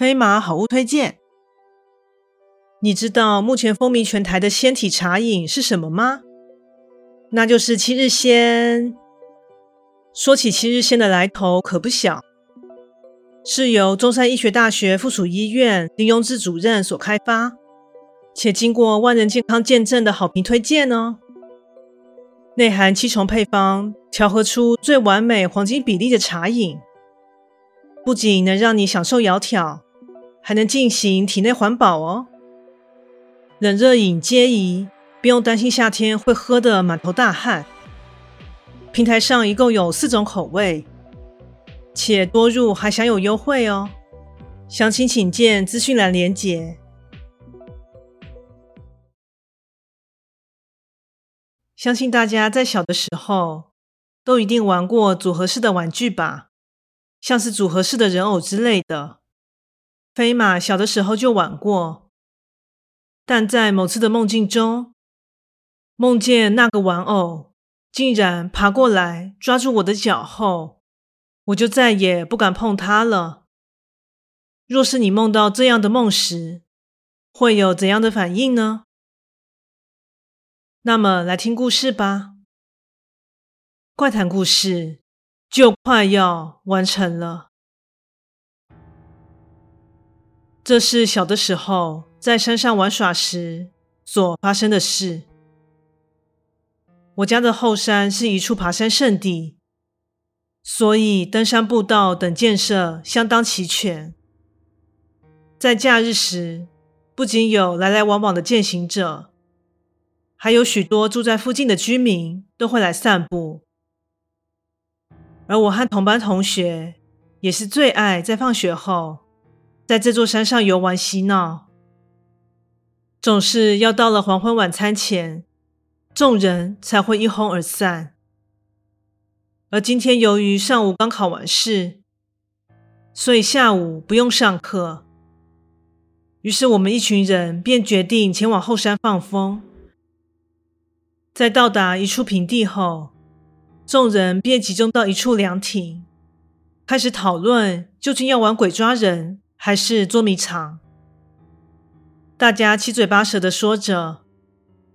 飛馬好物推薦，你知道目前風靡全台的纖體茶飲是什麼嗎？那就是七日纖。說起七日纖的來頭可不小，是由中山醫學大學附屬醫院林榮志主任所開發，且經過萬人健康見證的好評推薦哦。內含七重配方，調和出最完美黃金比例的茶飲，不僅能讓你享受窈窕。還能進行體內環保哦，冷熱飲皆宜，不用擔心夏天會喝得滿頭大汗。平台上一共有四種口味，且多入還享有優惠哦。詳情請見資訊欄連結。相信大家在小的時候都一定玩過組合式的玩具吧，像是組合式的人偶之類的。飛馬小的時候就玩過，但在某次的夢境中，夢見那個玩偶竟然爬過來抓住我的腳後，我就再也不敢碰它了。若是你夢到這樣的夢時，會有怎樣的反應呢？那麼來聽故事吧。怪談故事就快要完成了。這是小的時候在山上玩耍時所發生的事。我家的後山是一處爬山聖地，所以登山步道等建設相當齊全。在假日時，不僅有來來往往的健行者，還有許多住在附近的居民都會來散步。而我和同班同學也是最愛在放學後，在這座山上遊玩嬉鬧，總是要到了黃昏晚餐前，眾人才會一哄而散。而今天由於上午剛考完試，所以下午不用上課，於是我們一群人便決定前往後山放風。在到達一處平地後，眾人便集中到一處涼亭，開始討論究竟要玩鬼抓人，還是捉迷藏，大家七嘴八舌的說着。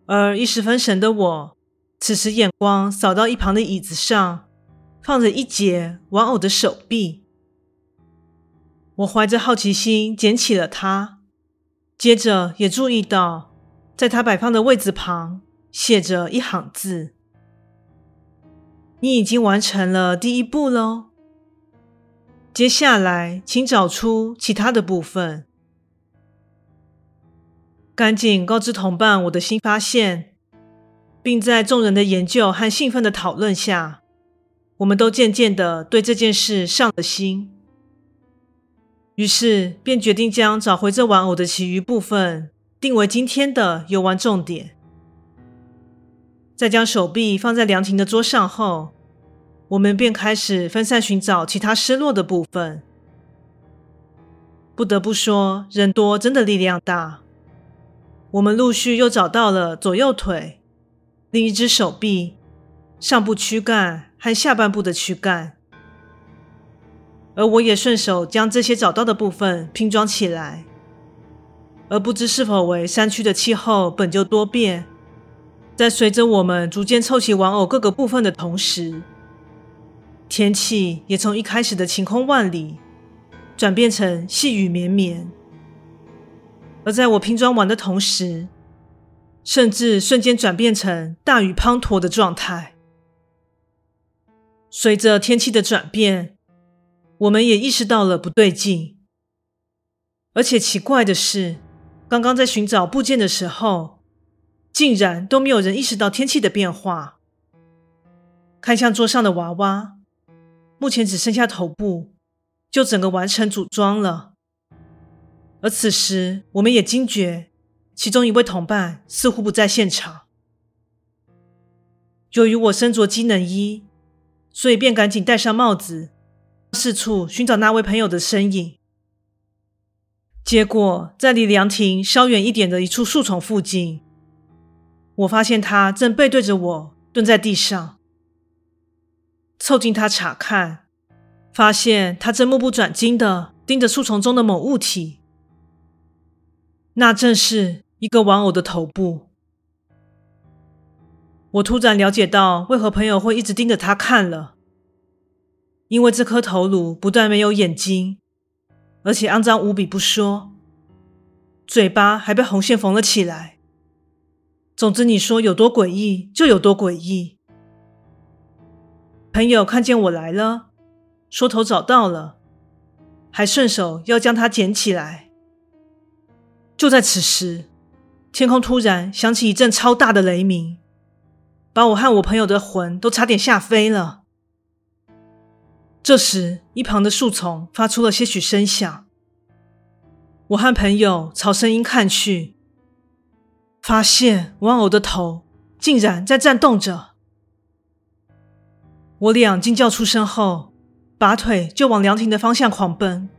而一時分神的我，此時眼光掃到一旁的椅子上，放着一截玩偶的手臂。我懷着好奇心撿起了它，接着也注意到，在它擺放的位置旁寫着一行字：“你已經完成了第一步嘍。”接下來，請找出其他的部分。趕緊告知同伴我的新發現，並在眾人的研究和興奮的討論下，我們都漸漸的對這件事上了心。於是，便決定將找回這玩偶的其餘部分定為今天的遊玩重點。在將手臂放在涼亭的桌上後，我們便開始分散尋找其他失落的部分。不得不說，人多真的力量大。我們陸續又找到了左右腿、另一只手臂、上部軀幹和下半部的軀幹，而我也順手將這些找到的部分拼裝起來。而不知是否為山區的氣候本就多變，在隨着我們逐漸湊齊玩偶各個部分的同時。天氣也從一開始的晴空萬里，轉變成細雨綿綿，而在我拼裝完的同時，甚至瞬間轉變成大雨滂沱的狀態。隨着天氣的轉變，我們也意識到了不對勁，而且奇怪的是，剛剛在尋找部件的時候，竟然都沒有人意識到天氣的變化。看向桌上的娃娃。目前只剩下頭部，就整個完成組裝了。而此時，我們也驚覺其中一位同伴似乎不在現場。由於我身着機能衣，所以便趕緊戴上帽子，四處尋找那位朋友的身影。結果，在離涼亭稍遠一點的一處樹叢附近，我發現他正背對着我蹲在地上。湊近他查看，發現他正目不轉睛的盯着樹叢中的某物體，那正是一個玩偶的頭部。我突然了解到為何朋友會一直盯着他看了，因為這顆頭顱不但沒有眼睛，而且骯髒無比不說，嘴巴還被紅線縫了起來。總之，你說有多詭異就有多詭異。朋友看見我來了，說頭找到了，還順手要將它撿起來。就在此時，天空突然響起一陣超大的雷鳴，把我和我朋友的魂都差點嚇飛了。這時，一旁的樹叢發出了些許聲響，我和朋友朝聲音看去，發現玩偶的頭竟然在顫動着。我倆驚叫出聲後，拔腿就往涼亭的方向狂奔。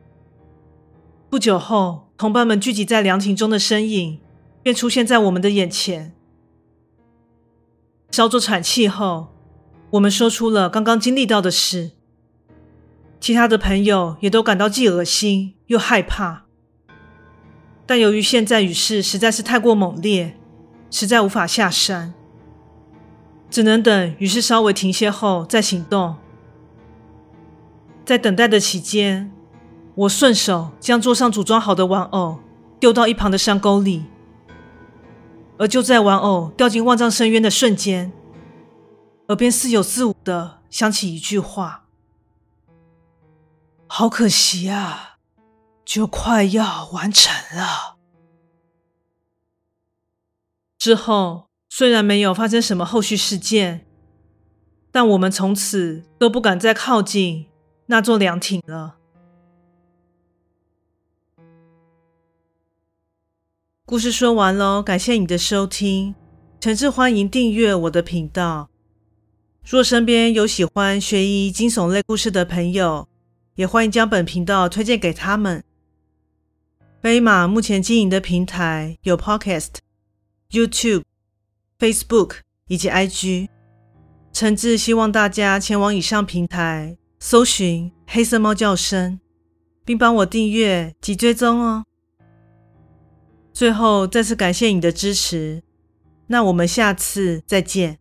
不久後，同伴們聚集在涼亭中的身影便出現在我們的眼前。稍作喘氣後，我們說出了剛剛經歷到的事。其他的朋友也都感到既惡心又害怕，但由於現在雨勢實在是太過猛烈，實在無法下山。只能等雨勢稍微停歇後再行動。在等待的期間，我順手將桌上組裝好的玩偶丟到一旁的山溝裡。而就在玩偶掉進萬丈深淵的瞬間，耳邊似有似無的響起一句話：“好可惜啊，就快要完成了。”之後。雖然沒有發生什麼後續事件，但我們從此都不敢再靠近那座涼亭了。故事說完嘍，感謝你的收聽，誠摯歡迎訂閱我的頻道。若身邊有喜歡懸疑驚悚類故事的朋友，也歡迎將本頻道推薦給他們。飛馬目前經營的平台有 Podcast、YouTube。Facebook 以及 IG，誠摯希望大家前往以上平台搜尋“黑色貓叫聲”，並幫我訂閱及追蹤哦。最後再次感謝你的支持，那我們下次再見。